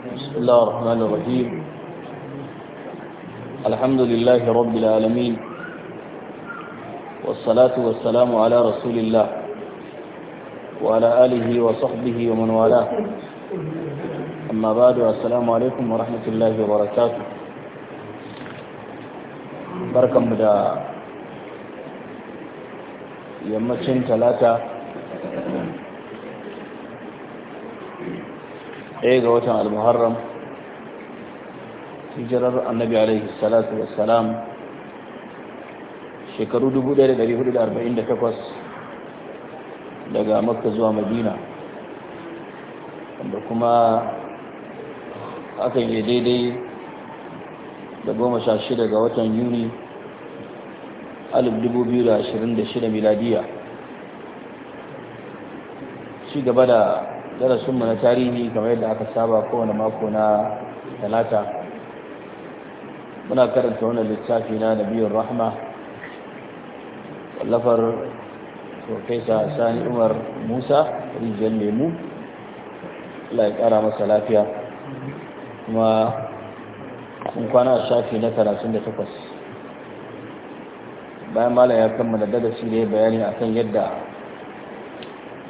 بسم الله الرحمن الرحيم الحمد لله رب العالمين والصلاة والسلام على رسول الله وعلى آله وصحبه ومن والاه أما بعد السلام عليكم ورحمة الله وبركاته بركة مدى yammacin ثلاثة ɗaya ga watan al-muharram hijirar annabi alaihi salatu wassalam shekaru 1448 daga makka zuwa madina wanda kuma akan yi daidai da goma sha shida ga watan yuni 2026 miladiya ci gaba da darasinmu na tarihi kamar yadda aka saba kowane mako na talata muna karanta wannan littafi na nabiyar rahma wallafar profesa sani umar musa rijiyar lemu Allah ya kara masa lafiya kuma sun kwana shafi na 38 bayan malam ya kammala darasi ne bayani akan yadda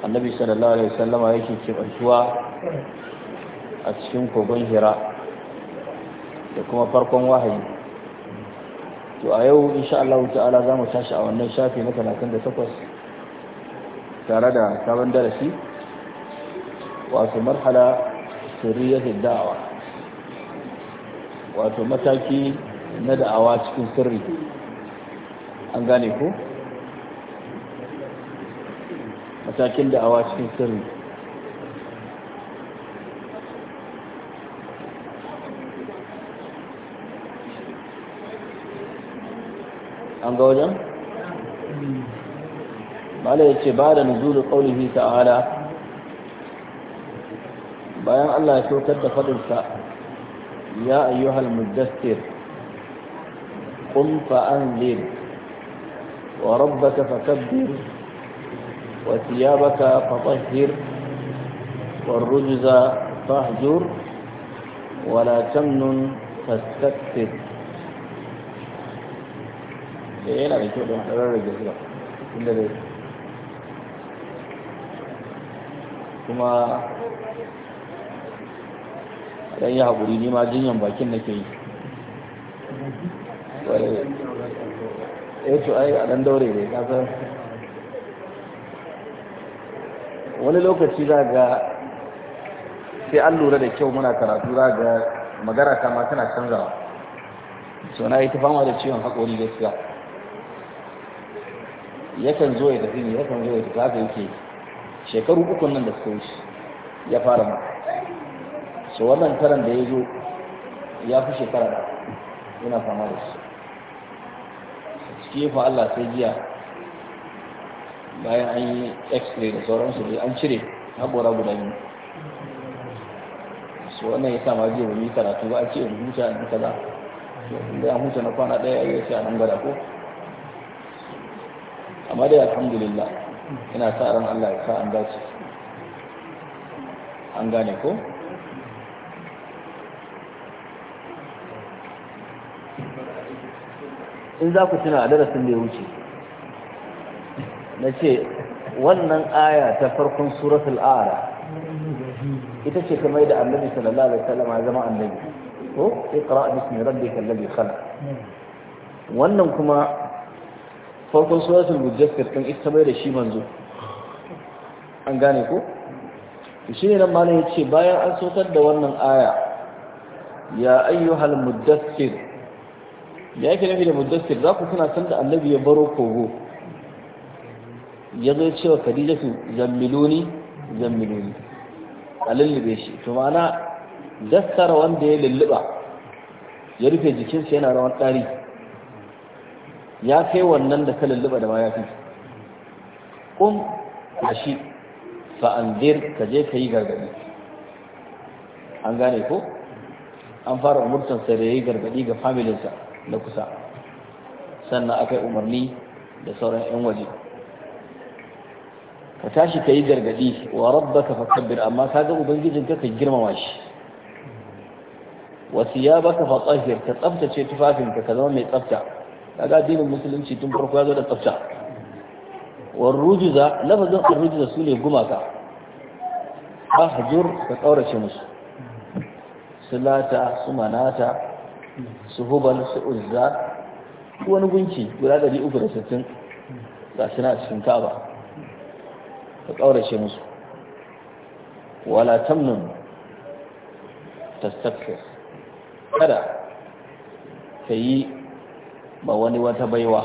annabi sallallahu alaihi wasallama yake keɓantuwa a cikin kogon hira da kuma farkon wahayi to a yau insha Allah ta'ala za mu tashi a wannan shafi na 38 tare da sabon darasi wato marhala sirriyatul da'awa wato mataki na da'awa cikin sirri an gane ko matakin da awa cikin sirri an ga wajen? bala ya ce ba da nuzulun ƙaunihi ta ta'ala bayan Allah ya saukar da faɗinsa ya ayyuhal muddassir قم فأنذر وربك فكبر وثيابك فطهر والرجز فاهجر ولا تمن فاستكثر ايه لا بيتو ده الرجز ده kuma ɗan bakin na yi ƙwarai ai a wani lokaci za ga sai an lura da kyau muna karatu za ga magana ta ma tana canzawa so na yi ta fama da ciwon haƙori gaskiya yakan zo ya tafi ne yakan zo ya tafi haka yake shekaru uku nan da suka wuce ya fara ma. so wannan karan da ya zo ya fi shekara da yana fama da su ciki fa Allah sai jiya bayan an yi x-ray da sauransu da an cire haƙora guda biyu su wannan ya sa ma jiya wani karatu ba a ce in huta in kaza da ya huta na kwana ɗaya ya ce a nan gada ko amma dai alhamdulillah ina sa ran Allah ya sa an dace an gane ko in za ku tuna a darasin da ya wuce na ce wannan aya ta farkon suratul ara ita ce kamar da annabi sallallahu alaihi wasallam ya zama annabi ko oh, iqra bismi rabbikal ladhi khalaq wannan kuma farkon suratul mujassir kan ita mai da shi manzo an gane ko shi ne nan malam yace bayan an saukar da wannan aya ya ayyuhal mudassir ya yake nufi da mudassir za ku kuna san da annabi ya baro kogo ya zo cewa khadijatu zammiluni zammiluni a lullube shi to ma'ana daskara wanda ya lulluba ya rufe jikinsa yana rawar tsari ya kai wannan da ka lulluba da fi. kun a shi fa'anzir ka je ka yi gargaɗi an gane ko an fara umurtansa da ya yi gargaɗi ga familinsa na kusa sannan aka yi umarni da sauran 'yan waje ka tashi ka yi gargadi wa rabbaka fakabbir amma ka ga ubangijinka ka girmama shi wa siyabaka fatahhir ka tsaftace tufafinka ka zama mai tsafta kaga addinin musulunci tun farko ya zo da tsafta wa rujuza lafazin su ne gumaka ahjur ka kaurace musu sulata su manata su hubal su uzza wani gunki guda 360 ga shi na cikin kaba ka ƙaurace musu wala tamnun tastakfir kada ka yi ba wani wata baiwa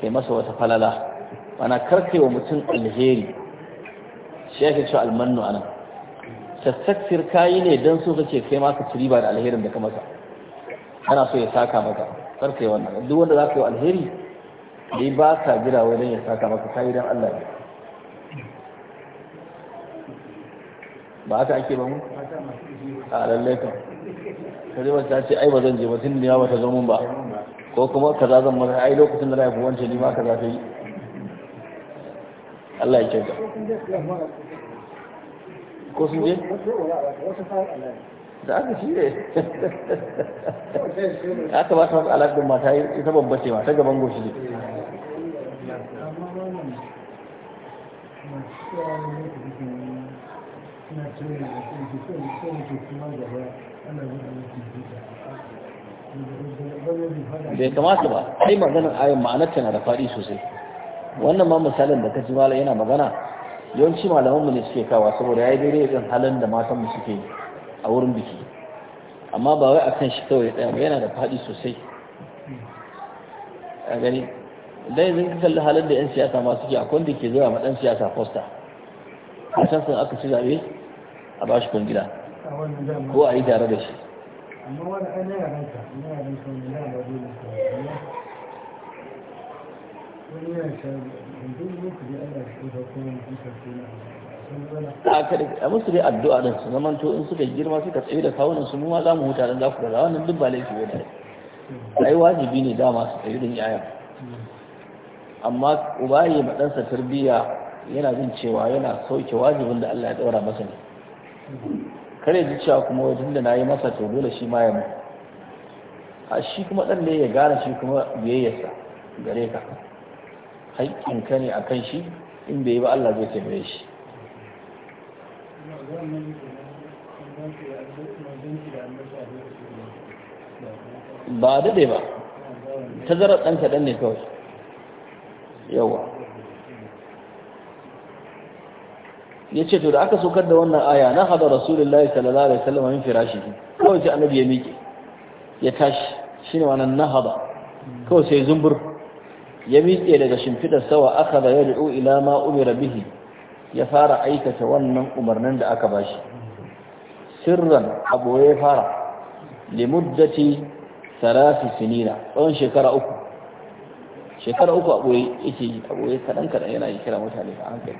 ka yi masa wata falala ana karkewa mutum alheri shi ake cewa almannu anan ka yi ne don so kake kai ma ka ci riba da alherin da ka masa ana so ya saka maka karkai wannan duk wanda za ka yi alheri dai ba ka jira wai ya saka maka yi don Allah ne ba haka ake ba mu a lallai kan ba ta ce ai ba zan je ba tun da ba ta zo mun ba ko kuma za zan mata ai lokacin da na haifi wancan ni ma za ta yi Allah ya kyauta ko sun je da aka shi ne aka ba ta wasu alaƙin mata ita babbace mata gaban goshi ne bai kamata ba ai maganar ayon ma'anarta na da faɗi sosai wannan ma misalin da ka ji mala yana magana yawanci mu ne suke kawa saboda ya yi daidai irin halin da matan mu suke yi a wurin biki amma ba wai akan shi kawai ɗaya ba yana da faɗi sosai a gani dan yanzu ka kalli halin da 'yan siyasa ma suke akwai kwanda ke zuwa ma ɗan siyasa fosta a can sun aka ci zaɓe a ba shi kwangila ko a yi tare da shi a musu dai addu'a din su zaman to in suka girma suka tsaye da kawunan su ma za mu huta don za ku gaza wannan duk ba laifi ne ai wajibi ne dama su tsaye don yayan amma uba ma maɗansa tarbiyya yana jin cewa yana sauke wajibin da Allah ya ɗaura masa ne kare ji cewa kuma wajen da na yi masa to dole shi ma ya mu a shi kuma ɗan ne ya gane shi kuma biyayyarsa gare ka ka ne a kan shi in bai ba Allah zai taimake shi ba daɗe ba tazarar ɗan ne kawai yawa ya ce to da aka saukar da wannan aya na hada rasulullahi sallallahu alaihi wasallam min firashi kawai sai annabi ya miƙe ya tashi shine wannan na nahada kawai sai zumbur ya miƙe daga shimfidar sawa aka da yad'u ila ma umira bihi ya fara aikata wannan umarnin da aka bashi sirran abu ya fara limuddati salasi sinina tsawon shekara uku shekara uku a ɓoye yake yi a ɓoye kaɗan kaɗan yana yi kira mutane a hankali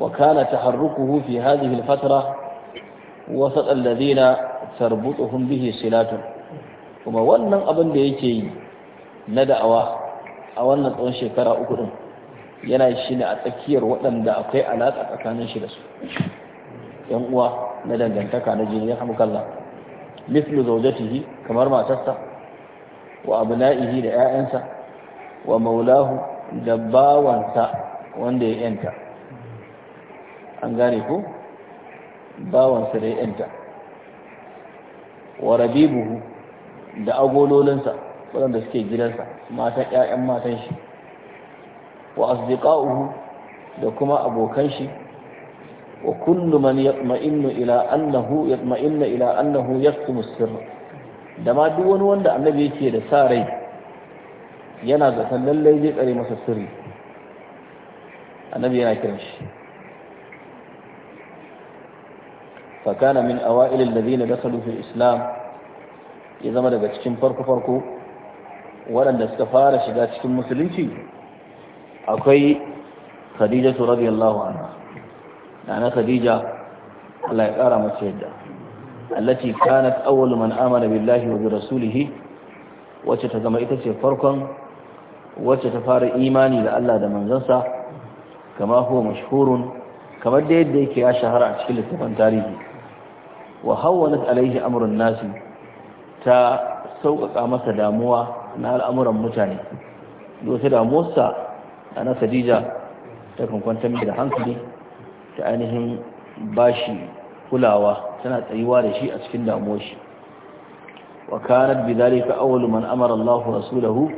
وكان تحركه في هذه الفترة وسط الذين تربطهم به صلات kuma wannan abin da yake yi na da'awa a wannan tsawon shekara uku din yana shi ne a tsakiyar waɗanda akwai alaƙa tsakanin shi da su yan uwa na dangantaka na jini ya hamu kalla mislu zaujatihi kamar matarsa wa abna'ihi da 'ya'yansa wa maulahu da bawansa wanda ya yanta an gane ko bawansa da yanta wa rabibuhu da agololinsa waɗanda suke gidansa matan ƴaƴan matan shi wa asdiqa'uhu da kuma abokan shi wa kullu man yatma'innu ila annahu yatma'innu ila annahu yaktumu sirr da ma duk wani wanda annabi yake da sa rai yana zaton lallai zai tsare masa sirri annabi yana kiran shi fakana min awa'ilil ladina dakhalu fil islam ya zama daga cikin farko farko waɗanda suka fara shiga cikin musulunci akwai khadija radiyallahu anha nana khadija Allah ya kara mata yadda allati kanat awwal man amana billahi wa bi rasulihi wacce ta zama ita ce farkon wacce ta fara imani da Allah da manzansa kama huwa mashhurun kamar da yadda yake ya shahara a cikin littafin tarihi wa hawwalat alaihi amrun nasi ta sauƙaƙa masa damuwa na al'amuran mutane wata damuwarsa a na sadija ta kwankwantar mai da hankali ta ainihin bashi kulawa tana tsayuwa da shi a cikin damuwar shi wa kanat bi zalika awwalu man amara Allah rasulahu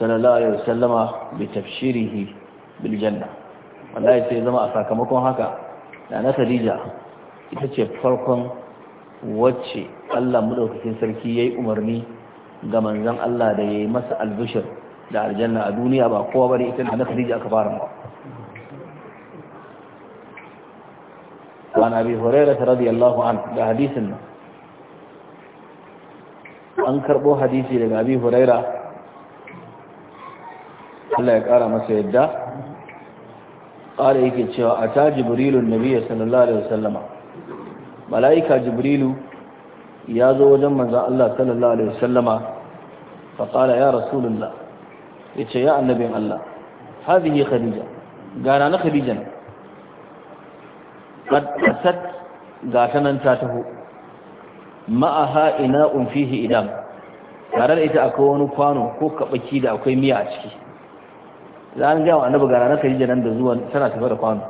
sallallahu alaihi wasallama bi tafshirihi bil janna wallahi sai zama a sakamakon haka da na sadija ita ce farkon wacce allah maɗaukakin sarki ya yi umarni ga manzan allah da ya yi masa albishir da aljanna a duniya ba kowa bari ita na khadija aka fara ba wa na bi horaira ta radiyallahu an da hadisin nan an karɓo hadisi daga abi huraira Allah ya ƙara masa yadda ƙara yake cewa a ta jibrilun nabiya sallallahu da wasallama mala'ika jibrilu ya zo wajen manzan Allah sallallahu alaihi wasallama fa qala ya rasulullah yace ya annabin Allah hadhihi khadija gana na khadija ne qad asat gatanan ta taho ma'aha ina'un fihi idan. tare da ita akwai wani kwano ko kaɓaki da akwai miya a ciki za an gawa annabi gana na khadija nan da zuwa tana tafi da kwano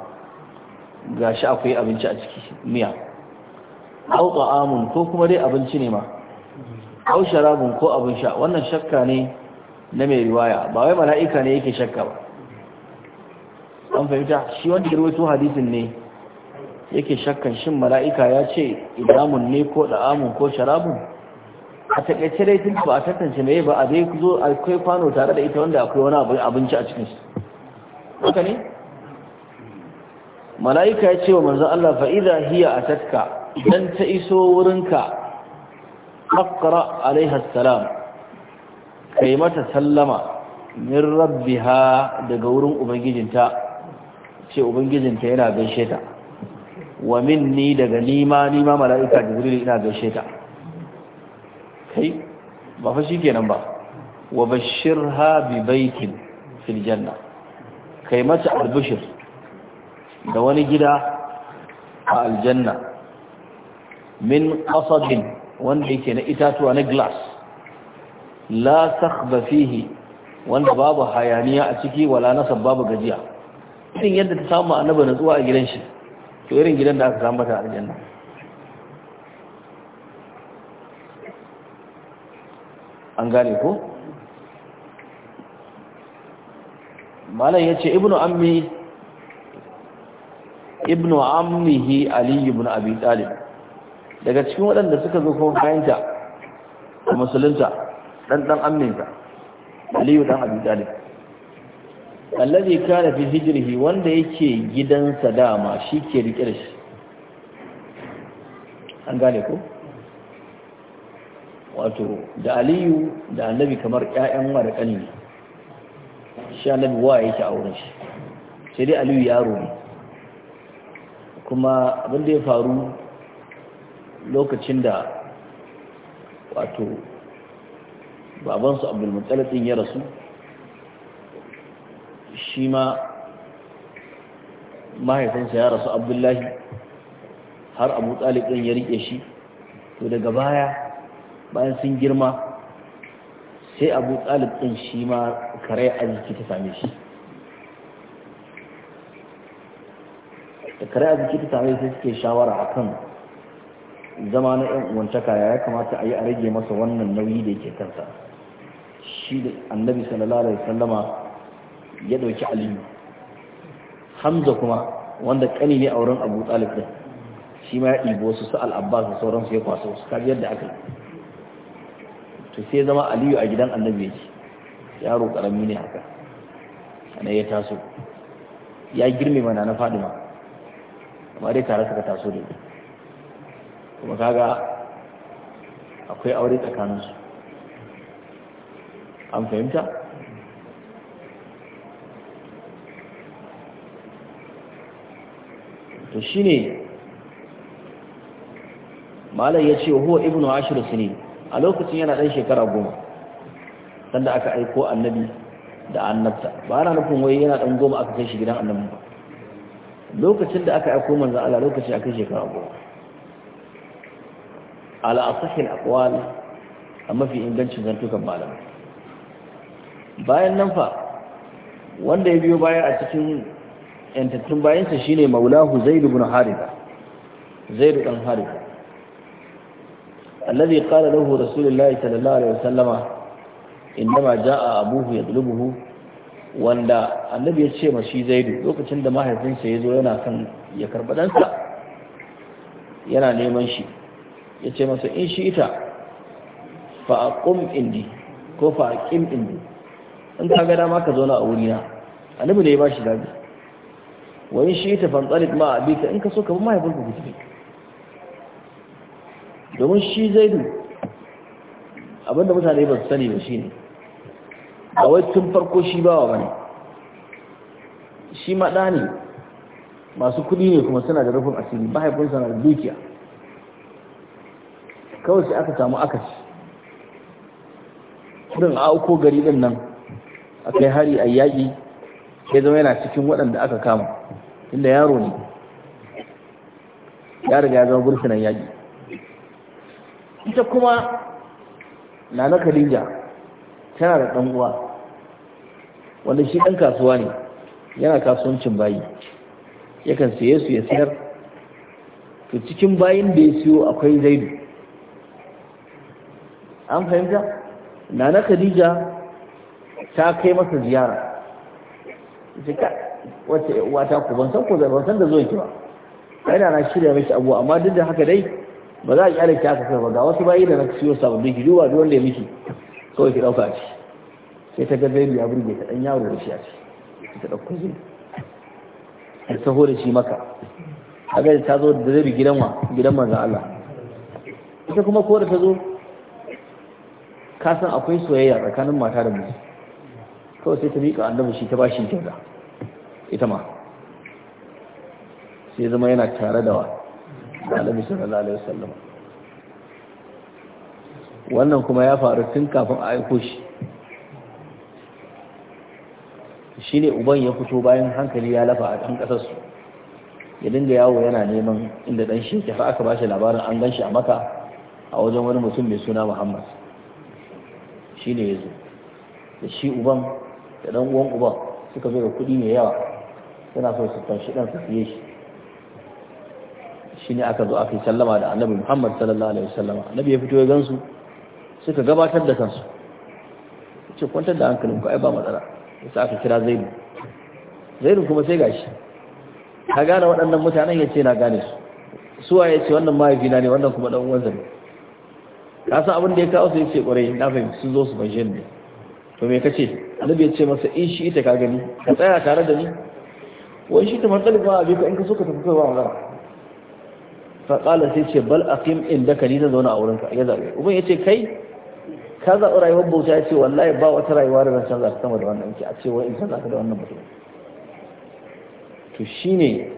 shi akwai abinci a ciki miya au ta'amun ko kuma dai abinci ne ma au sharabun ko abin sha wannan shakka ne na mai riwaya ba wai mala'ika ne yake shakka ba an fahimta shi wanda ya rawaito hadisin ne yake shakkan shin mala'ika ya ce idamun ne ko da'amun ko sharabun a takaice dai tun ba a tantance mai ba a dai zo akwai kwano tare da ita wanda akwai wani abinci a cikin shi haka ne mala'ika ya ce wa manzon Allah fa idza hiya atatka idan ta iso wurinka haƙƙara alaiha ka kai mata sallama min rabbiha daga wurin ubangijinta ce ubangijinta yana gaishe ta wa minni daga nima nima mala'ika jibril yana gaishe ta kai ba fa shikenan ba wa bashirha bi baitin fil janna kai mata albushir, da wani gida a aljanna min qasadin wanda yake na itatuwa na glass la sakhba fihi wanda babu hayaniya a ciki wala nasab babu gajiya irin yadda ta samu annaba natsuwa a gidan shi to irin gidan da aka samu mata a aljanna an gane ko malam yace ibnu ammi ibnu ammihi ali ibn abi talib daga cikin waɗanda suka zo kuma kayanta, a musulunta ɗan ɗan aminta aliyu ɗan abu dalib allazi da fi hijirhi wanda yake gidansa dama shi ke riƙe da shi an gane ko wato da aliyu da annabi kamar ƴaƴan mara ne shi annabi wa yake a wurin shi sai dai aliyu yaro ne kuma abin da ya faru lokacin da wato babansu abdulmutsalatin ya rasu shi ma mahaifinsa ya rasu abdullahi har abu ɗin ya riƙe shi to daga baya bayan sun girma sai abu ɗin shi ma kare arziki ta same shi da kare arziki ta same shi suke shawara a kan zama na yan uwantaka ya kamata a yi a rage masa wannan nauyi da yake kansa shi da annabi sallallahu alaihi wasallama ya dauki aliyu hamza kuma wanda kani ne a wurin abu talib din shi ma ya ɗibo wasu su al'abbas da sauransu ya kwaso su kar yadda aka to sai zama aliyu a gidan annabi yake yaro karami ne haka ana ya taso ya girme mana na fadima amma dai tare suka taso da ita kuma kaga akwai aure tsakaninsu an fahimta to ne malai ya ce huwa ibnu ashir ne a lokacin yana ɗan shekara goma sanda aka aiko annabi da annabta ba na nufin wai yana ɗan goma aka kai shi gidan annabi ba lokacin da aka aiko manzo Allah lokacin aka shekara goma ala asahin a mafi ingancin zantukan malamai bayan nan fa wanda ya biyo baya a cikin yantattun bayansa shine maulahu zaid ibn haritha zaid ibn haritha alladhi qala lahu rasulullahi sallallahu alaihi wasallama indama jaa abuhu yadlubuhu wanda annabi ya ce ma shi zaidu lokacin da mahaifinsa ya zo yana kan ya karba ɗansa yana neman shi ya ce masa in shi ita fa'aƙum indi ko fa'aƙim indi in ta gada ma ka zauna a wurina nufi da ya ba shi wa in shi ita fantsalik ma bita in ka so ka bi mahaifinka ku tafi domin shi zai du abinda mutane ba su sani ba shi ne a wai tun farko shi bawa bane shi maɗa ne masu kuɗi ne kuma suna da rufin asiri mahaifinsa na da dukiya kawai sai aka samu akashi. irin a auko gari din nan a kai hari a yaƙi sai zama yana cikin waɗanda aka kama inda yaro ne ya riga ya zama bursunan yaƙi ita kuma nana khadija tana da ɗan uwa wanda shi ɗan kasuwa ne yana kasuwancin bayi yakan siye su ya sayar to cikin bayin da ya siyo akwai zaidu an fahimta nana khadija ta kai masa ziyara jika wata uwata ku ban san ku ban san da zuwan ki ba ina na shirya miki abu amma duk da haka dai ba za a kyale ki haka ba ga wasu bayi da na siyo sababbi ki duba duk da ya miki kawai ki dauka ci sai ta ga baby ya burge ta dan yaro da shi a ci ta dauko zai ta taho da shi maka haka ta zo da zai gidan wa gidan manzon Allah ita kuma ko da ta zo ka san akwai soyayya tsakanin mata da miji kawai sai ta miƙa annabi shi ta ba shi kyauta ita ma sai zama yana tare da wa annabi sallallahu alaihi wasallam wannan kuma ya faru tun kafin a aiko shi Shi ne uban ya fito bayan hankali ya lafa a ɗan ƙasarsu ya dinga yawo yana neman inda ɗan shi ya aka ba shi labarin an gan shi a maka a wajen wani mutum mai suna muhammad shi ne ya zo da shi uban da ɗan uwan uban suka zo da kuɗi mai yawa suna so su tashi ɗan su fiye shi shi ne aka zo aka yi sallama da annabi muhammad sallallahu alaihi wasallama annabi ya fito ya gansu suka gabatar da kansu ce kwantar da hankalin ku ai ba matsala yasa aka kira zaidu zaidu kuma sai gashi ka gane waɗannan mutanen ya ce na gane su suwa ya ce wannan mahaifina ne wannan kuma ɗan uwansa ne ka san abin da ya kawo su ce kwarai na fahimci sun zo su fahimce ne to me kace annabi ya ce masa in shi ita ka gani ka tsaya tare da ni wai shi ta matsalin ba abi ka in ka so ka tafi kai ba magana fa qala sai ce bal aqim indaka ni zan zauna a wurinka ya zabe uban ce kai ka zaɓi rayuwar bauta ya ce wallahi ba wata rayuwa da zan canza ta sama da wannan ki a ce wai in canza ta da wannan mutum to shine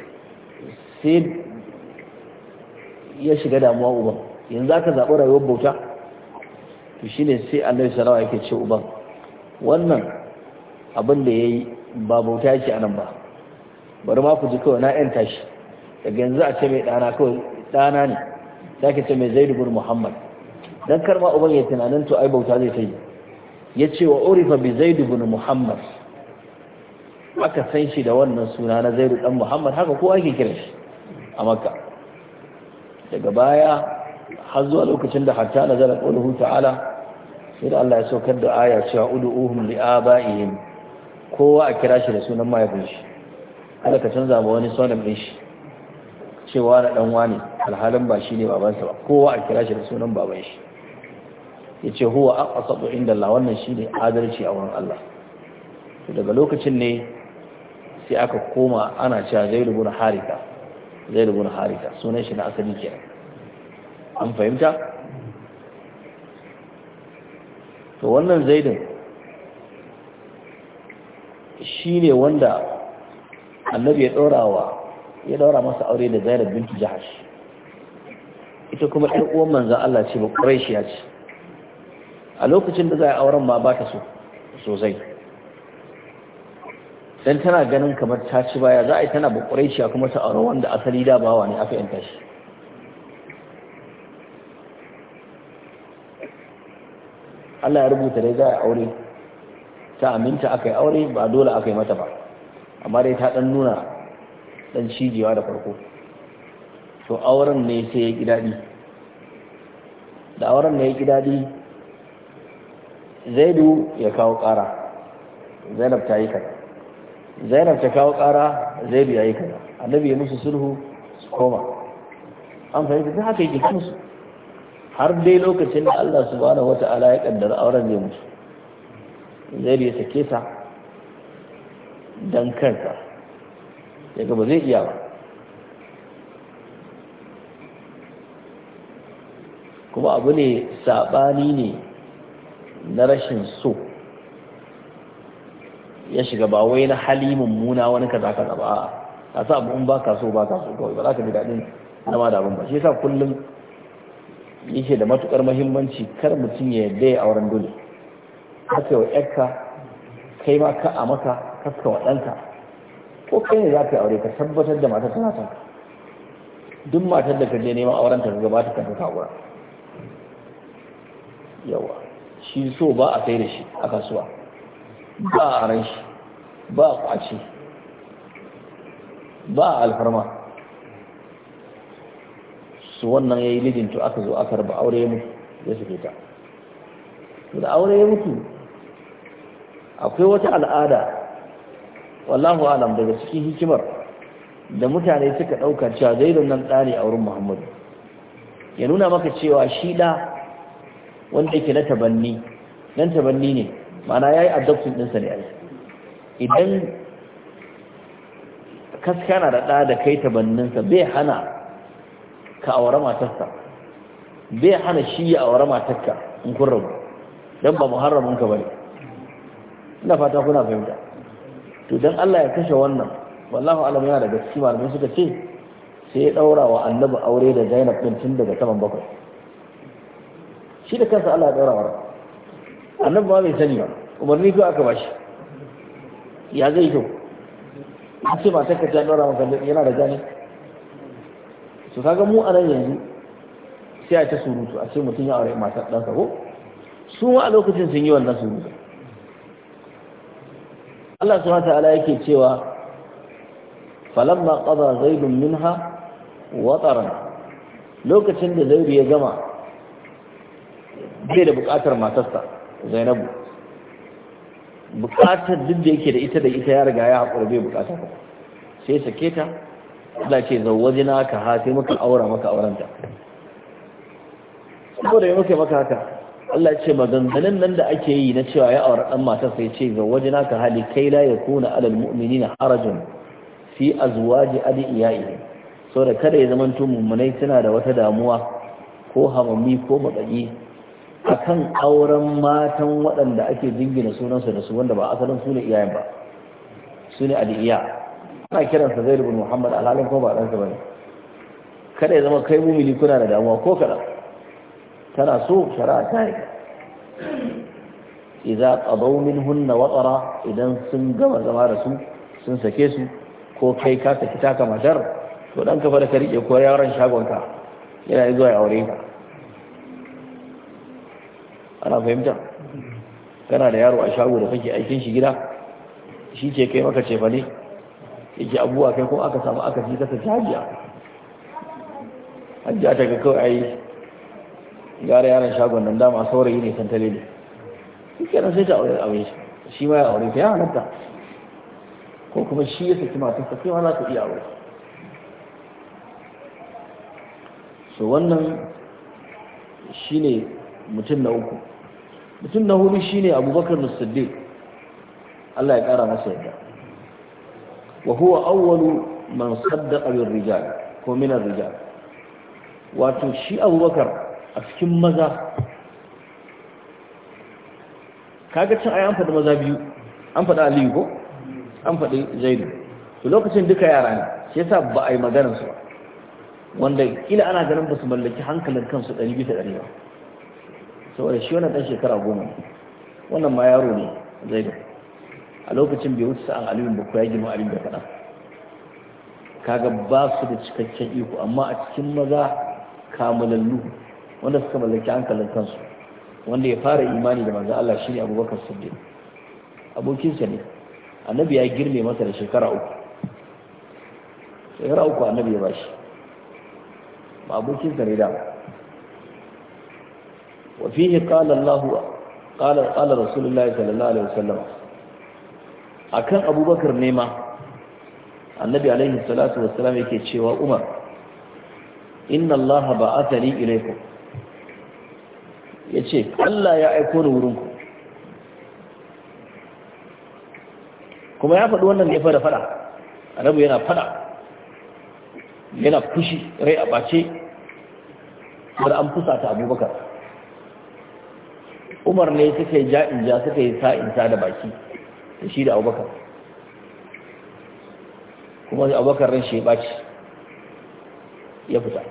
sai ya shiga damuwa uban yanzu aka zaɓi rayuwar bauta to shi ne sai annabi salawa yake ce uban wannan abin da ya yi ba bauta yake a nan ba bari ma ku ji kawai na ɗan tashi daga yanzu a ce mai ɗana kawai ɗana ne za ka ce mai zai dubur muhammad dan karma uban ya tunanin to ai bauta zai ta yi ya ce wa orifa bi zai dubur muhammad aka san shi da wannan suna na zai dubur muhammad haka kowa ake kira shi a makka daga baya har zuwa lokacin da hatta nazara qawluhu ta'ala sai da Allah ya saukar da aya cewa ud'uhum li'aba'ihim kowa a kira shi da sunan mahaifin shi ala ka canza ma wani sonan ɗin shi cewa na ɗan wani alhalin ba shine babansa ba kowa a kira shi da sunan baban shi ce huwa aqsatu inda Allah wannan shine adalci a wurin Allah to daga lokacin ne sai aka koma ana cewa zai rubuna harika harika sunan shi na asali kenan an fahimta to wannan zaidin shi ne wanda annabi ya ɗorawa ya ɗora masa aure da zainab bintu jahash ita kuma ɗan uwan manzan Allah ce ba ya ce a lokacin da za a auren ma ba ta so sosai don tana ganin kamar ta ci baya za a yi tana ba ƙuraishiya kuma ta auren wanda asali da bawa ne aka yanta shi Allah ya rubuta dai za a aure ta aminta aka yi aure ba dole aka yi mata ba amma dai ta dan nuna dan cijewa da farko to auren ne sai ya yi daɗi da auren ne ya yi daɗi zaidu ya kawo ƙara zainab ta yi kaza zainab ta kawo ƙara zaidu ya yi kaza annabi ya musu sulhu su koma an fahimta ta haka yake musu har dai lokacin da Allah subhanahu wata'ala ya kaddara auren ne musu zai ya sake ta dan kanka daga ba zai iya ba kuma abu ne sabani ne na rashin so ya shiga ba wai na hali mummuna wani kaza kaza ba a sa abu in baka so baka so kawai ba za ka ji daɗin zama da abin ba shi yasa kullum yake da matukar mahimmanci kar mutum ya yadda ya auren dole haka wa yarka kai ma ka a maka kaska wa ɗanka ko kai ne za ka aure ka tabbatar da matar tana son duk matar da ka je neman auren ta gaba ta kanta ta aura yawa shi so ba a sai da shi a kasuwa ba a ran shi ba a kwace ba a alfarma su wannan ya yi to aka zo aka raba aure ya mutu ya suke ta da aure ya mutu akwai wata al'ada wallahu alam daga cikin hikimar da mutane suka ɗauka cewa zaidun nan tsari a wurin muhammadu ya nuna maka cewa shi ɗa wanda yake na tabanni nan tabanni ne ma'ana ya yi adoptin ɗinsa ne ai idan kaskana da ɗa da kai tabanninsa bai hana ka aure matarsa bai hana shi ya aure matarka in kun rabu dan ba muharramin ka bane ina fata kuna fahimta to dan Allah ya kashe wannan wallahi alamu yana daga cikin malamai suka ce sai ya daura wa annabi aure da Zainab din tun daga saman bakwai shi da kansa Allah ya daura wa annabi ba bai sani ba umarni ko aka bashi ya zai kyau a ce matarka ta daura maka yana da gani Su kaga mu nan yanzu sai a ta surutu a ce mutum ya aure matar ɗansa ko su ma a lokacin sun yi wannan surutu Allah su hata ta'ala yake cewa falamma qada zaidun minha wataran lokacin da zaidu ya gama bai da bukatar matarsa zainabu bukatar duk da yake da ita da ita ya riga ya haƙura bai bukata sai sake ta Allah ce zauwaji na aka hafi muka aura maka aurenta saboda ya muke maka haka Allah ce maganganun nan da ake yi na cewa ya aure dan mata sai ce na ka hali kai la kuna alal mu'minina harajun fi azwaji so da kada ya zama tun mummunai suna da wata damuwa ko hamami ko matsayi akan auren matan waɗanda ake jingina sunansu da su wanda ba asalin su ne iyayen ba su ne adiya ana kiransa zai rubin muhammad alhalin ko ba ɗansa ba ne kada ya zama kai mumili kuna da damuwa ko kada tana so shari'a ta yi idan qadaw hunna watsara idan sun gama zama da su sun sake su ko kai ka saki taka matar to dan kafa da ka rike ko yaron shagon ka yana zuwa ya aure ka ana fahimta kana da yaro a shago da kake aikin shi gida shi ke kai maka cefane yake abubuwa kai ko aka samu aka fi kasa jajiya An ta ga kawai yi gara yaran shagon nan dama saurayi ne san talibi shi nan sai ta aure aure shi ma ya aure ta yawon halatta ko kuma shi ya saki masu sa kai ma za ta iya aure so wannan shi ne mutum na uku mutum na hudu ne abubakar siddiq Allah ya kara masa yadda wa huwa awwalu man saddaqa bil rijal ko min ar wato shi abubakar a cikin maza kaga cin ai an faɗi maza biyu an aliyu ko an zaidu to lokacin duka yara ne shi yasa ba a yi maganar su ba wanda kila ana ganin ba su mallaki hankalin kansu ɗari bisa ɗari ba shi ɗan shekara goma wannan ma yaro ne zaidu a lokacin bai wuce sa'an alimin ba ko ya girma abin da faɗa kaga ba su da cikakken iko amma a cikin maza kamalallu wanda suka mallaki hankalin kansu wanda ya fara imani da manzo Allah shine Abubakar Siddiq abokinsa ne annabi ya girme masa da shekara uku shekara uku annabi ya bashi ba abokinsa ne da wa fihi qala Allah qala qala Rasulullahi sallallahu alaihi wasallam akan abubakar nema annabi alaihi salatu wassalam yake cewa umar inna allah ba'atha li ilaykum yace Allah ya aiko ni wurin ku kuma ya faɗi wannan ne fa da fada annabi yana fada yana fushi rai a bace bar an fusata abubakar umar ne suka yi ja'in ja suka yi sa'in sa da baki shi da abubakar kuma abubakar ran shi ya ɓaci ya fita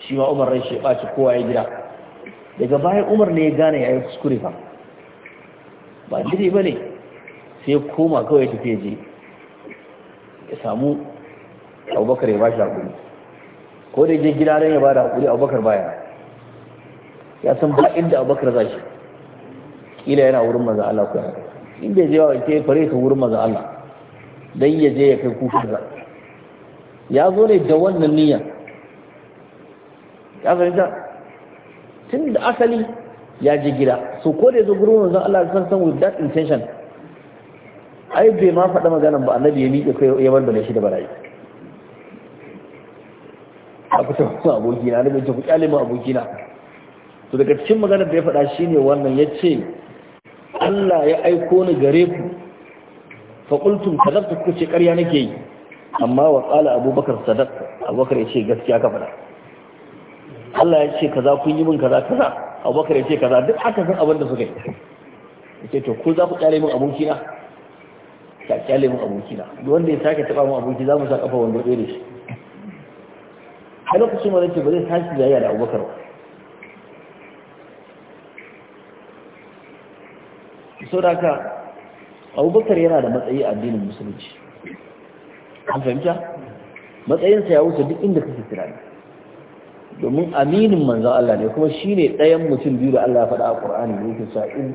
shi ma umar ran shi ya ɓaci kowa ya gida daga bayan umar ne ya gane ya yi kuskure ba ba dire ba ne sai koma kawai ya tafiye je ya samu abubakar ya ba shi haƙuri ko da je gida ran ya ba da haƙuri abubakar baya ya san ba inda abubakar za shi ƙila yana wurin maza Allah ku yana in bai je wa wanke fare ka wurin maza Allah don ya je ya kai kufarsa ya zo ne da wannan niyya ya fahimta tun da asali ya je gida so ko da ya zo gurin manzon Allah san san with that intention ai bai ma faɗa maganan ba annabi ya miƙe kai ya barbare shi da barayi a kusa wasu abokina na bai ce ku kyale abokina to daga cikin maganar da ya faɗa shine wannan ya ce Allah ya aiko ni gare ku fa qultum kadabtu ce ƙarya nake yi amma wa qala abubakar sadaq abubakar ya ce gaskiya ka faɗa Allah ya ce kaza kun yi min kaza kaza abubakar ya ce kaza duk aka san abin da suka yi ce to ko za ku kyale min abokina ka kyale min abokina duk wanda ya sake taba min aboki za mu sa kafa wanda ɗaya da shi a lokacin ma ce ba zai sake jayya da abubakar ba so da abubakar yana da matsayi a addinin musulunci an fahimta matsayinsa ya wuce duk inda kake tunani domin aminin manzon Allah ne kuma shi ne ɗayan mutum biyu da Allah ya faɗa a Qur'ani da yake sa in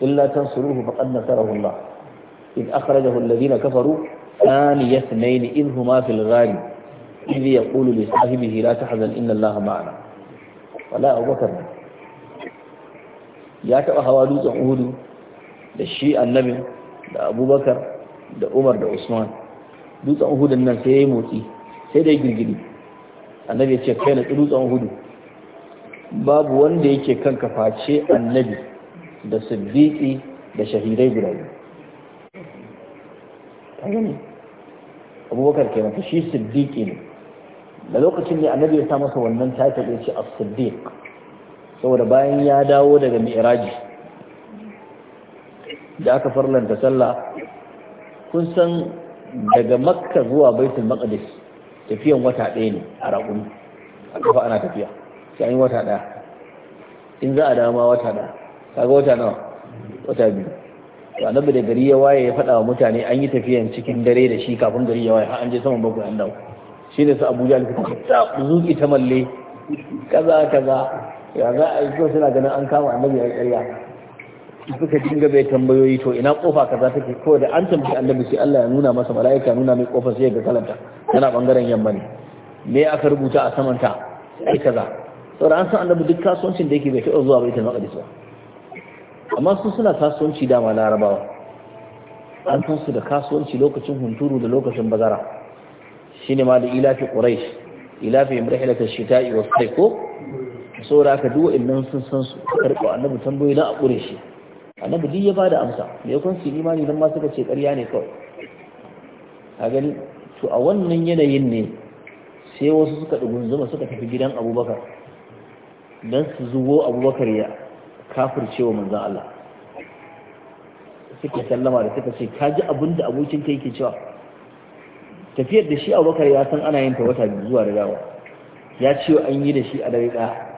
illa tansuruhu faqad nasarahu Allah إذ أخرجه الذين كفروا ثاني اثنين إذ هما في الغار إذ يقول لصاحبه لا تحزن إن الله معنا ولا أبو بكر ya taɓa hawa dutsen uhudu da shi annabin da abubakar da umar da usman dutsen uhudun nan sai ya yi motsi sai da ya girgiri annabi ya ce kai na dutsen uhudu babu wanda yake kan kaface annabi da siddiqi da shahidai guda biyu abubakar ke mata shi siddiqi ne da lokacin ne annabi ya sa masa wannan title ya ce a siddiq saboda bayan ya dawo daga iraji da aka farlanta sallah kun san daga makka zuwa baitul maqdis tafiyan wata ɗaya ne a raƙumi a kafa ana tafiya sai an yi wata ɗaya in za a dama wata ɗaya kaga wata nawa wata biyu to annabi da gari ya waye ya faɗa wa mutane an yi tafiyan cikin dare da shi kafin gari ya waye har an je saman bakwai an dawo shi ne su abuja da ta zuƙi ta malle kaza kaza ya za a yi suna ganin an kama annabi a ƙarya suka dinga bai tambayoyi to ina kofa kaza take ko da an tambayi annabi sai Allah ya nuna masa mala'ika nuna mai kofar sai ya ga kalanta yana bangaren yamma ne me aka rubuta a saman ta sai kaza saboda an san annabi duk kasuwancin da yake bai taɓa zuwa baitul maqdis ba amma su suna kasuwanci dama larabawa an san su da kasuwanci lokacin hunturu da lokacin bazara shine ma da ilafi quraish ilafi imrahilata shitai wa sayko ko saboda haka duk sun san su karɓo annabi tambayoyi na a ƙure shi annabi duk ya ba da amsa me kun su imani dan ma suka ce ƙarya ne kawai a gani to a wannan yanayin ne sai wasu suka zuma suka tafi gidan abubakar dan su zuwo abubakar ya kafirce wa manzan Allah Suka sallama da suka ce ka ji abin da abokin kai yake cewa tafiyar da shi abubakar ya san ana yin ta wata zuwa da dawa ya ce an yi da shi a dare ɗaya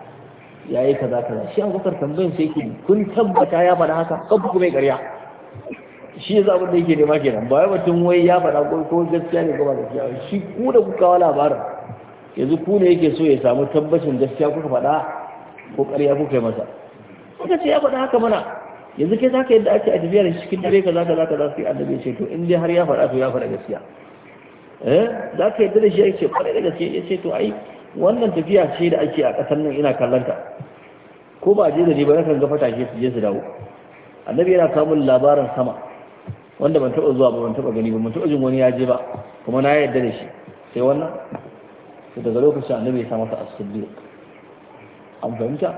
ya yi kaza kaza shi kusur tambayin sai ke kun tabbata ya faɗa haka kan kuma ƙarya shi ya abin da yake nema kenan ba wai mutum wai ya faɗa ko ko gaskiya ne ko ba gaskiya shi ku da kuka wa labarin yanzu ku ne yake so ya samu tabbacin gaskiya kuka faɗa ko ƙarya kuka yi masa kuka ce ya faɗa haka mana yanzu kai zaka yadda ake a tafiya da cikin dare kaza kaza kaza sai annabi ce to in dai har ya faɗa to ya faɗa gaskiya eh zaka yadda da shi ya ce ƙwarai da gaskiya ya ce to ai wannan tafiya ce da ake a ƙasar nan ina kallonta, ko ba je da ni ba na kan ga ke su je su dawo annabi yana samun labarin sama wanda ban taɓa zuwa ba ban taɓa gani ba ban taɓa jin wani ya je ba kuma na yarda da shi sai wannan to daga lokacin annabi ya sa masa as-siddiq an fahimta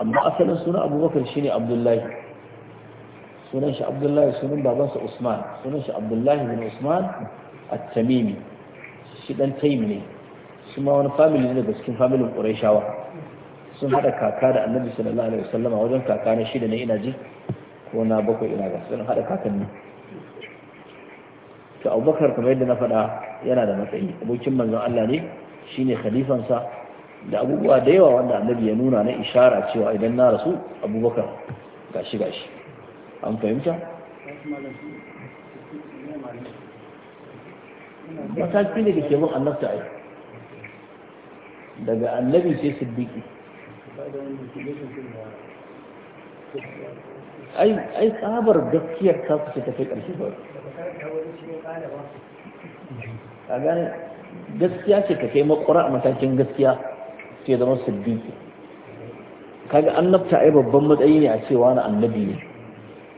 amma asalin sunan abubakar shine abdullahi sunan shi abdullahi sunan babansa usman sunan shi abdullahi bin usman at-tamimi shi dan taimi ne Suma ma wani famili ne daga cikin familin shawa. sun haɗa kaka da annabi sallallahu alaihi wasallama wajen kaka na shida na ina ji ko na bakwai ina ga sun haɗa kakanni to abubakar kamar yadda na faɗa yana da matsayi abokin manzon Allah ne shine khalifansa da abubuwa da yawa wanda annabi ya nuna na ishara cewa idan na rasu abubakar gashi gashi an fahimta mataki ne da ke mun annabta ai daga annabi sai siddiki ai tsabar gaskiyar ta ce ta kai ƙarshe ba a gane gaskiya ce ka kai makwara a matakin gaskiya sai zama siddiki kaga annabta ai babban matsayi ne a cewa na annabi ne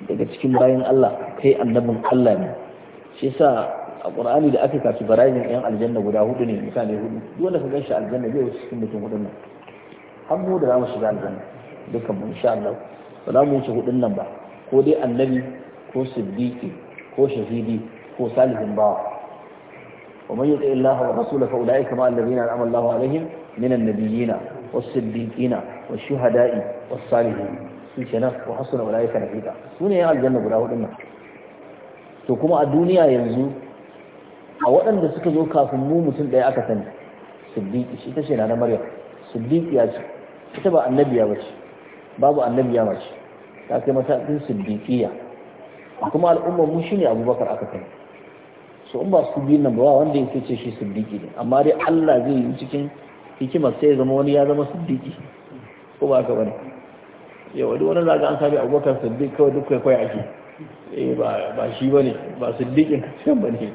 daga cikin bayan Allah kai annabin Allah ne shi sa. a qur'ani da aka kasu barajin yan aljanna guda hudu ne mutane hudu duk wanda ka ganshi aljanna zai wuce cikin mutum hudun nan har mu da zamu shiga aljanna dukkan mu insha Allah ba za mu wuce hudun nan ba ko dai annabi ko siddiqi ko shahidi ko salihin bawa ومن يطع الله ورسوله فاولئك مع الذين انعم الله عليهم من النبيين والصديقين والشهداء والصالحين sun ce nan wa hasuna wala yaka rafiqa su ne yan aljanna guda hudu nan to kuma a duniya yanzu a waɗanda suka zo kafin mu mutum ɗaya aka sani siddiƙi shi ta ce na maryam siddiƙi ya ce ita ba annabiya ba ce babu annabiya ba ce ta kai matakin A kuma al'ummar mu shine abubakar aka sani so in ba su biyu nan ba wanda ya ce shi siddiƙi ne amma dai Allah zai yi cikin hikimar sai ya zama wani ya zama siddiƙi ko ba ka bane ya wani wani zaga an sami abubakar siddiq kawai duk kwaikwai ake eh ba shi ba ne, ba siddiqin ba ne.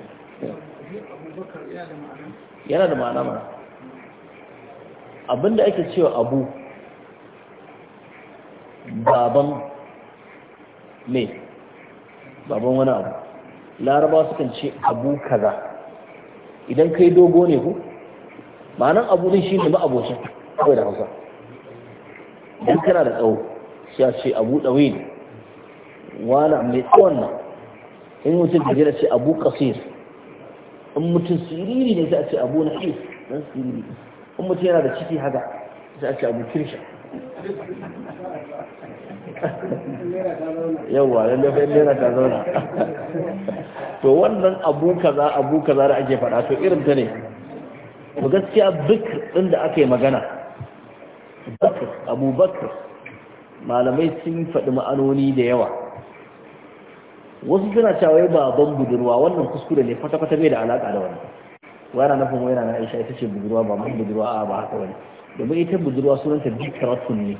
yana da ma'ana mana abinda ake cewa abu baban ne baban wani abu laraba sukan ce abu kaza idan kai dogo ne ku ma'anan abu ne shine ma'abocin kawai da hausa idan kana da tsawo shi a ce abu ɗawai ne wani mai tsawon nan in mutum da jira ce abu kasir in mutum siriri ne za a ce abu na ƙi don siriri in mutum yana da ciki haka za a ce abu kirsha yawwa lalle fa yana ta zauna to wannan abu kaza abu kaza da ake faɗa to irin ta ne to gaskiya duk ɗin da aka yi magana abu abubakar malamai sun faɗi ma'anoni da yawa wasu suna cewa ban budurwa wannan kuskure ne kwata-kwata bai da alaka da wannan wani nufin yana na aisha ita ce budurwa ba man budurwa a ba haka wani domin ita budurwa sunanta dikiratun ne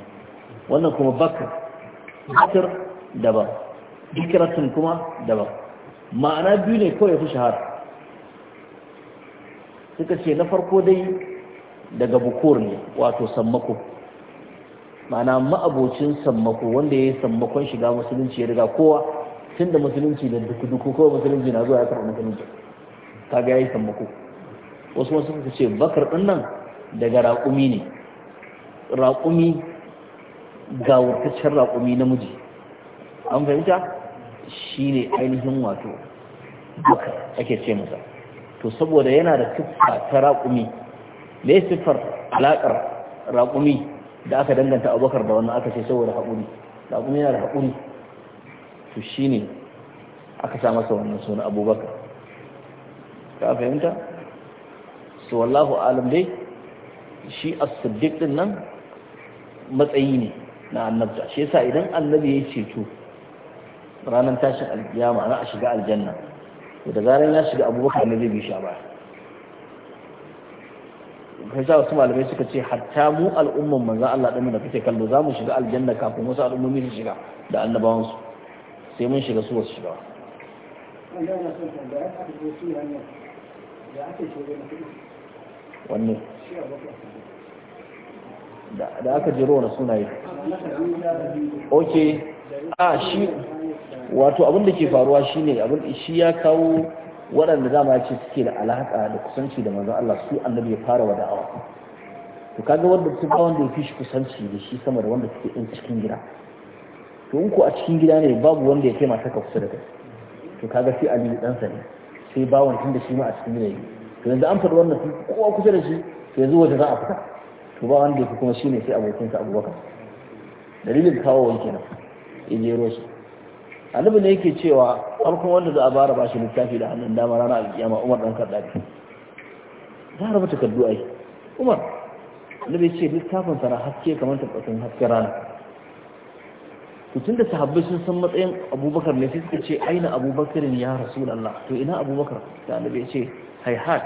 wannan kuma bakar bakar daban dikiratun kuma daban ma'ana biyu ne kawai fi shahar suka ce na farko dai daga bukur ne wato sammako ma'ana ma'abocin sammako wanda ya yi sammakon shiga musulunci ya riga kowa tun da musulunci da duk duku ko musulunci na zuwa ya karɓi musulunci kaga yi sammako wasu wasu suka ce bakar ɗin nan daga raƙumi ne raƙumi gawurtaccen raƙumi namiji an fahimta Shi ne ainihin wato bakar ake ce masa to saboda yana da siffa ta raƙumi me siffar alaƙar raƙumi da aka danganta abubakar da wannan aka ce saboda haƙuri raƙumi yana da haƙuri to shine aka sa masa wannan suna abubakar ka fahimta su wallahu alam dai shi as-siddiq din nan matsayi ne na annabta shi yasa idan annabi ya ce ceto ranar tashin alkiya ma'ana a shiga aljanna da zarar ya shiga abubakar ne zai bi shi a baya kai sa wasu malamai suka ce hatta mu al'umman manzan Allah ɗin da kake kallo za mu shiga aljanna kafin wasu al'ummomi su shiga da annabawansu sai mun shiga su wasu shiga wanne da aka jiro na sunaye ok a shi wato abin ke faruwa shi ne abin shi ya kawo waɗanda dama ya ce suke da alaƙa da kusanci da manzan Allah su annabi ya fara wa da'awa to kaga wanda su ba wanda ya fi shi kusanci da shi sama da wanda suke ɗin cikin gida to in ku a cikin gida ne babu wanda ya kai mata ka kusa da kai to kaga sai aliyu ɗansa ne sai bawon tun da shi ma a cikin gida ne to yanzu an faɗi wannan sun kowa kusa da shi to yanzu waje za a fita to ba wanda ya kuma shine sai abokinsa abubakar dalilin kawo wanke nan in jero su annabi ne yake cewa farkon wanda za a bara ba shi littafi da hannun dama rana alƙiyama umar dan kaddafi za a rubuta kaddu ai umar annabi ce littafin sana haske kamar tabbatun hasken rana Tun da sahabbai sun san matsayin abubakar ne sai suka ce aina abubakarin ya rasulullah to ina abubakar da annabi ya ce hayhat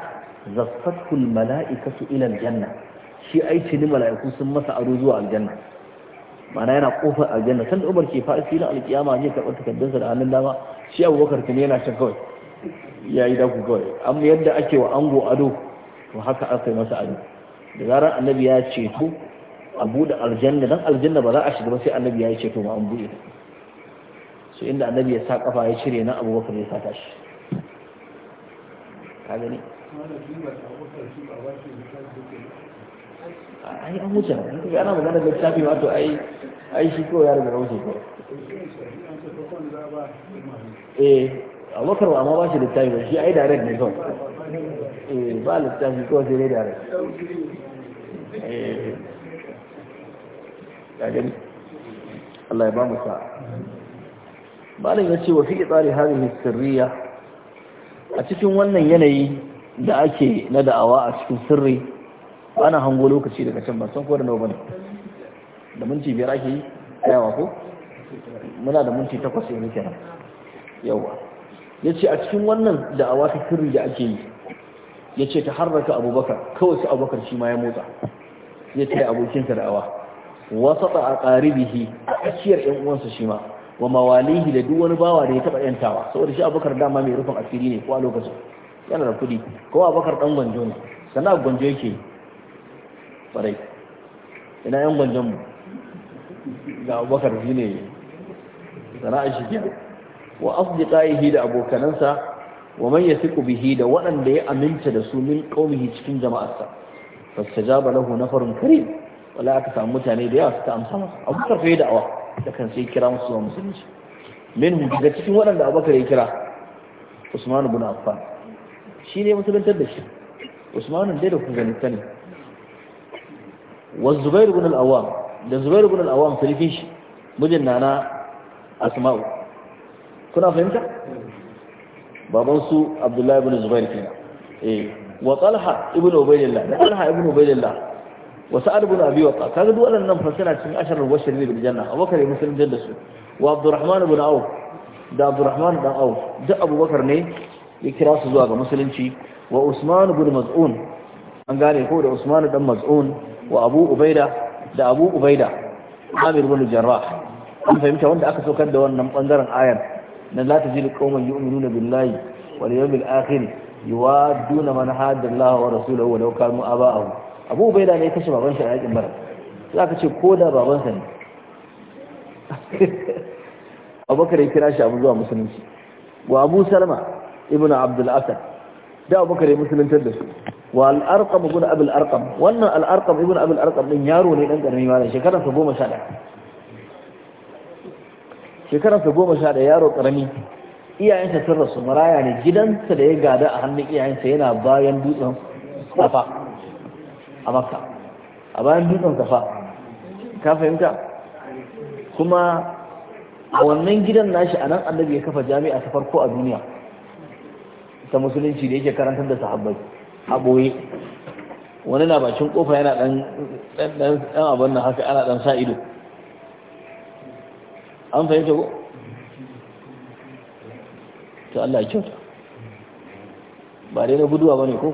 zaffatul mala'ikatu ila aljanna shi ai tuni mala'iku sun masa aro zuwa aljanna ma'ana yana kofar aljanna san umar ke fa filin alkiyama zai karɓar takardunsa da hannun dama shi abubakar kuma yana can kawai ya yi daku kawai amma yadda ake wa ango ado to haka aka yi masa ado da zarar annabi ya ceto a buɗe aljanna dan aljanna ba za a shiga ba sai annabi ya yi ceto ma an buɗe so inda annabi ya sa kafa ya cire na abubakar ya sa tashi ka gani ai an wuce in ana magana da littafi wato ai ai shi ko ya rubuta wuce ko eh abubakar ba amma ba shi littafi ba shi ai direct ne kawai eh ba littafi ko sai dai direct eh ka gani Allah ya ba mu sa'a malam ya ce wa fi tsari hadhihi sirriya a cikin wannan yanayi da ake na da'awa a cikin sirri ana hango lokaci daga can ba san ko da nawa bane da minti biyar ake yi yawa ko muna da minti takwas yanzu kenan yawa ya ce a cikin wannan da'awa ta sirri da ake yi ya ce ta harraka abubakar kawai su abubakar shi ma ya motsa ya ce abokinsa da'awa wasata a qaribihi a tsakiyar ƴan uwansa shi ma wa mawalihi da duk wani bawa da ya taɓa yantawa saboda shi abokar dama mai rufin asiri ne ko a lokacin yana da kuɗi ko abokar ɗan gwanjo ne sana'a gwanjo yake farai ina ƴan gwanjon mu ga abokar shi ne sana'a shi ke wa asdiqaihi da abokanansa wa man siku bihi da waɗanda ya aminta da su min qaumihi cikin jama'arsa jaba lahu farin karim wala aka samu mutane da yawa suka amsa masa abubakar fa da awa da kan sai kira musu zuwa musulunci min daga cikin waɗanda abubakar ya kira usman ibn affan shi ne musuluntar da shi usman dai da kuka gani sani wa zubair bin al-awwam da zubair bin al-awwam sarkin shi mijin nana asma'u kuna fahimta baban su abdullahi bin zubair kenan eh wa talha ibn ubaydillah da talha ibn ubaydillah wa sa'ad ibn abi waqa kaga duk wannan fa suna cikin asharar washir ne bil janna abubakar ya musulunta da su wa abdurrahman ibn auf da abdurrahman dan auf duk abubakar ne ya kira su zuwa ga musulunci wa usman ibn maz'un an gane ko da usman dan maz'un wa abu ubaida da abu ubaida amir ibn jarrah an fahimta wanda aka saukar da wannan bangaren ayar na la tajidu qauman yu'minuna billahi wal yawmil akhir yuwadduna man hadda Allah wa rasulahu wa law kanu aba'ahum abu ubaida ne ya kashe babansa a yakin bara za ka ce ko da babansa ne abubakar ya kira shi abu zuwa musulunci wa abu salma ibn abdul asad da abubakar ya musuluntar da su wa al'arqam ibn abul arqam wannan al'arqam ibn abul arqam ɗin yaro ne ɗan ƙarami malam shekarar sa goma sha ɗaya shekarar sa goma sha ɗaya yaro ƙarami. iyayensa sun rasu maraya ne gidansa da ya gada a hannun iyayensa yana bayan dutsen safa a makka a bayan dutsen safa ka fahimta kuma a wannan gidan nashi a nan annabi ya kafa jami'a ta farko a duniya ta musulunci da yake karantar da sahabbai a ɓoye wani na bakin kofa yana ɗan dan abin nan haka ana ɗan sa ido an fahimta ko to Allah ya kyauta ba dai na guduwa bane ko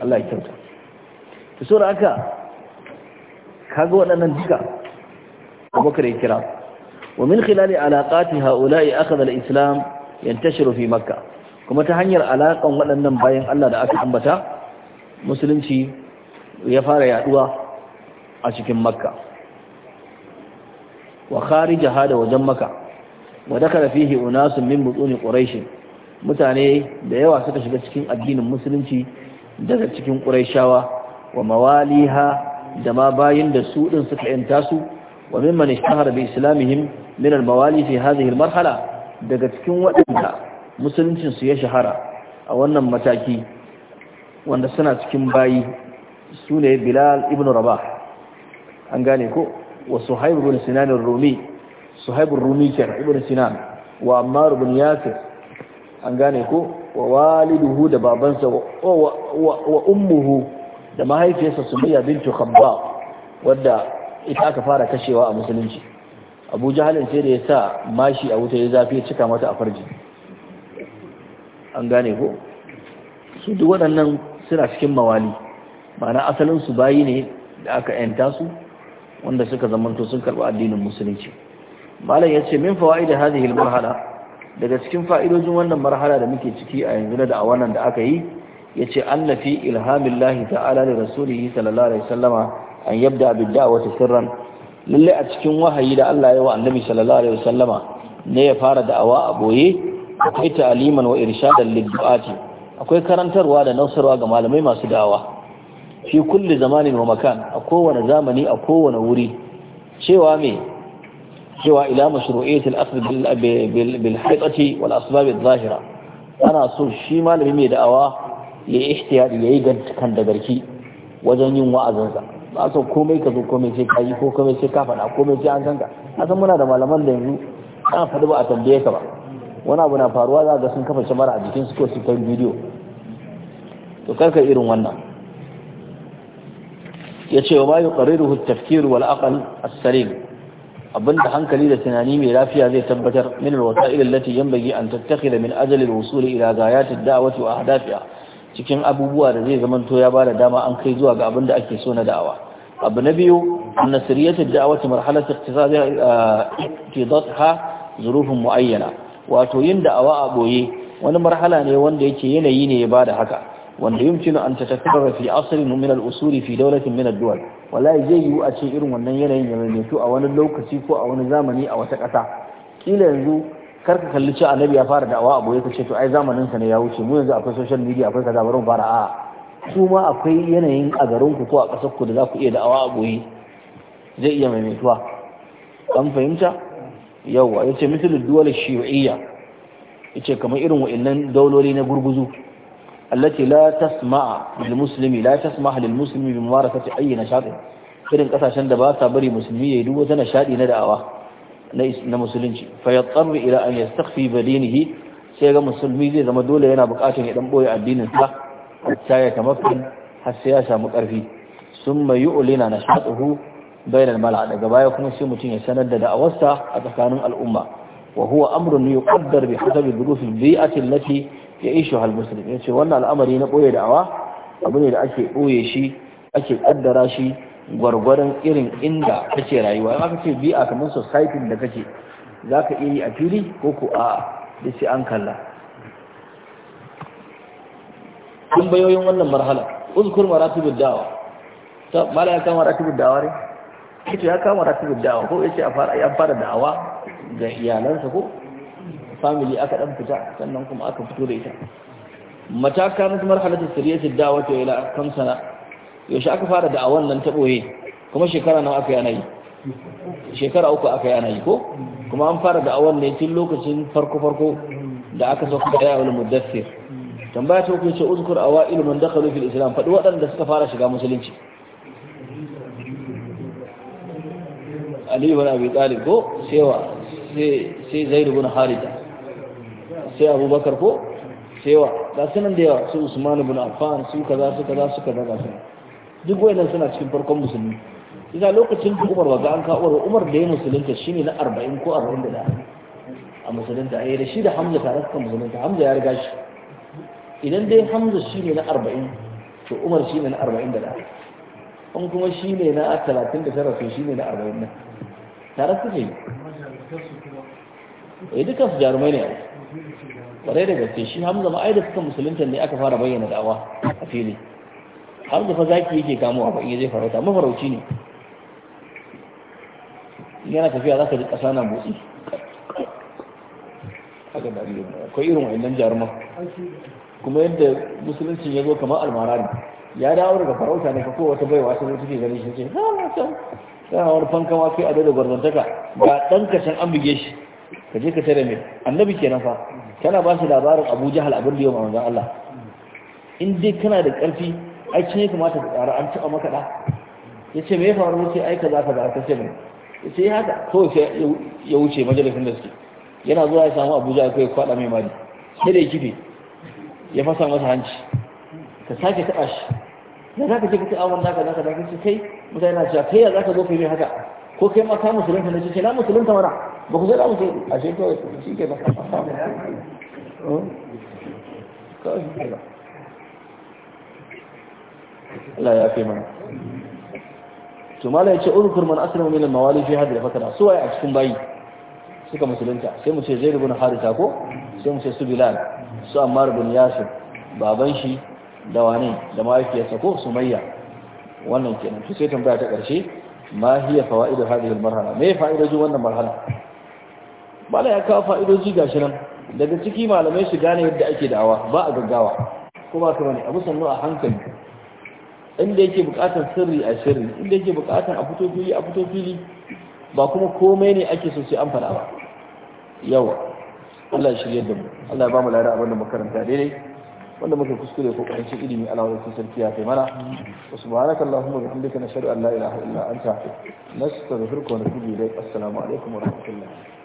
Allah ya kyauta kaga waɗannan duka Abubakar ya kira wa min khilali haula ya aka al-islam yantashiru fi makkah kuma ta hanyar alaƙan waɗannan bayan Allah da aka ambata musulunci ya fara yaɗuwa a cikin makka wa kharijaha da wajen makka wa dakala fihi unasun min butuni quraish mutane da yawa suka shiga cikin addinin musulunci daga cikin ƙuraishawa wa mawaliha da ma bayin da su ɗin suka yanta su wa mimman ishtahara bi islamihim min al-mawali fi hadhihi marhala daga cikin waɗanda musuluncin su ya shahara a wannan mataki wanda suna cikin bayi su ne Bilal ibn Rabah an gane ko wa Suhaib ibn Sinan rumi Suhaib rumi kenan ibn Sinan wa Ammar ibn Yasir an gane ko wa waliduhu da babansa wa ummuhu da mahaifiyarsa sumayya bintu khabba wadda ita aka fara kashewa a musulunci abu jahalin sai da ya sa mashi a wuta ya zafi ya cika mata a farji an gane ko su duk waɗannan suna cikin mawali ma'ana su bayi ne da aka yanta su wanda suka zamanto sun karɓi addinin musulunci malam ya ce min fawaidi da hadhihi al-marhala daga cikin fa'idojin wannan marhala da muke ciki a yanzu na da'awa nan da aka yi ya ce, annafi ilhamillahi ta'ala da rasulihi sallallahu alaihi wasallama an yabda bid da'wati sirran lalle a cikin wahayi da Allah ya wa annabi sallallahu alaihi ne ya fara da'awa a boye akwai ta'aliman wa irshadan lidduati akwai karantarwa da nausarwa ga malamai masu da'awa fi kulli zamanin wa makan a kowane zamani a kowane wuri cewa me cewa ila mashru'iyatil asl bil bil haitati wal asbab ana so shi malami mai da'awa ya yi yayi ya yi kan da garki wajen yin wa'azinsa ba so komai ka zo komai sai ka ko komai sai ka faɗa komai sai an sanka a san muna da malaman da yanzu an faɗi ba a tambaye ka ba wani abu na faruwa za ga sun kafa shamara a jikin su ko su kan bidiyo to karka irin wannan ya ce wa ma yuqarriruhu at-tafkir wal aql as-salim abinda hankali da tunani mai lafiya zai tabbatar min alwasa'il allati yanbaghi an tattakhidha min ajli alwusul ila ghayati ad-da'wati wa ahdafiha cikin abubuwa da zai zaman to ya bada dama an kai zuwa ga abinda ake so na da'awa abu na biyu anna sirriyatu ad-da'wati marhalat ah, iqtidatha zurufun muayyana wato yin da'awa a boye wani marhala ne wanda yake yanayi ne ya bada haka wanda yumkin an tatakarra fi mu min al-usul fi dawlatin min ad-duwal wallahi zai yiwu a cikin irin wannan yanayin ya maimaito a wani lokaci ko a wani zamani a wata ƙasa kila yanzu karka kalli cewa annabi ya fara da'awa abu ya kace to ai zamanin sa ne ya wuce mu yanzu akwai social media akwai kaza barun fara a su ma akwai yanayin a garin ku ko a ƙasar ku da za ku iya da'awa a goyi zai iya maimaituwa an fahimta yawa yace misal duwal shi'iyya yace kamar irin wa'annan dauloli na gurguzu allati la tasma'a lil muslimi la tasma'a lil muslimi bi irin kasashen da ba sa bari musulmi yayi wata na da'awa na musulunci fa yattaru ila an yastakhfi badinihi sai ga musulmi zai zama dole yana bukatun ya dan boye addinin sa ta ya tamakkin har sai ya samu karfi summa yu'lina nashatuhu bainal mala daga baya kuma sai mutum ya sanar da da'awarsa a tsakanin al'umma wa huwa amrun yuqaddar bi hasabi dhurufi bi'ati allati ya ishu hal muslim ya ce wannan al'amari na ɓoye da'awa abu ne da ake ɓoye shi ake ƙaddara shi gwargwaron irin inda kake rayuwa ya aka ce a kamar society da kake za ka iya yi a fili ko ko a da sai an kalla bayoyin wannan marhala uzkur maratibud da'wa ta mala ya kama ratibud da'wa ne kace ya kama ratibud da'wa ko yace a fara an fara da'awa ga iyalansa ko family aka dan fita sannan kuma aka fito da ita mata kanat marhalatu sirriyati ta ila kam sana yaushe aka fara da'awan nan ta boye kuma shekara nan aka yanayi. shekara uku aka yanayi. ko kuma an fara da'awan ne tun lokacin farko farko da aka sauka da yawon muddassir tambaya ta hukunce uzkur awailu man dakhalu fil islam faɗi waɗanda suka fara shiga musulunci Aliyu ibn Abi Talib ko sewa sai zai rubuna ibn Harita sai abubakar ko sai wa ga sunan da yawa su usman ibn affan su kaza su kaza su kaza ga sunan duk wayannan suna cikin farkon musulmi Ina lokacin da umar waga an kawo umar da ya musulunta shine na 40 ko 41 a musulunta a eh, da shi da hamza tare suka musulunta hamza ya riga shi idan dai hamza shine na 40 to umar shine na da an kuma shine na 39 to shine na 40 nan tare suke yi eh su jarumai ne kwarai gaske shi hamza ma ai da suka musulunta ne aka fara bayyana da'awa a fili hamza fa zaki yake kamo a bakin zai farauta mafarauci ne yana tafiya za ka ji ƙasa na motsi haka da akwai irin wa'annan jaruman kuma yadda musulunci ya zo kamar almara ne ya dawo daga farauta ne ko wata baiwa sun suke ganin shi ce na na can yana wani fankan wafi a da gwarzantaka ga ɗan kashin an buge shi ka je ka tare mai annabi kenan fa kana ba shi labarin abu jahal abin da yau a manzan Allah in dai kana da ƙarfi ai cin ya kamata ka tsara an taɓa maka ɗa ya ce me ya faru sai ai kaza kaza ka ce mai ya ce eh, haka kawai sai ya wuce majalisin da suke yana zuwa ya samu abuja ya kai kwaɗa mai mari sai da ya kife ya fasa masa hanci ka sake taɓa shi da za ka ce ka ce awon naka naka da ka ce kai mutane na cewa kai ya za ka zo ka yi mai haka ko kai ma ka musulunta ne ce na musulunta mana ba ku zai da musulunta a shekaru shi ke ba Allah ya fi mana to ya ce urukur man asirin wani al-mawali fi hadhihi da fatara su waye a cikin bayi suka musulunta sai mu ce zaid ibn ta ko sai mu ce su bilal su ammar bin yasir baban shi da wani da mahaifiyarsa ko sumayya wannan kenan to sai tambaya ta karshe ma hiya fawaidu hadhihi me fa'idoji wannan marhala bala ya kawo fa'idoji shi nan daga ciki malamai su gane yadda ake da'awa ba a gaggawa kuma ka bane abu a hankali inda yake bukatar sirri a sirri inda yake bukatar a fito fili a fito fili ba kuma komai ne ake so sai an ba yawa Allah ya shirye da mu Allah ya ba mu lada abin da makaranta daidai wanda muke kuskure ko karancin ilimi ala wajen sarki ya kai mana wa subhanaka allahumma wa bihamdika nashhadu an la ilaha illa anta nastaghfiruka wa natubu ilayk assalamu alaikum wa rahmatullahi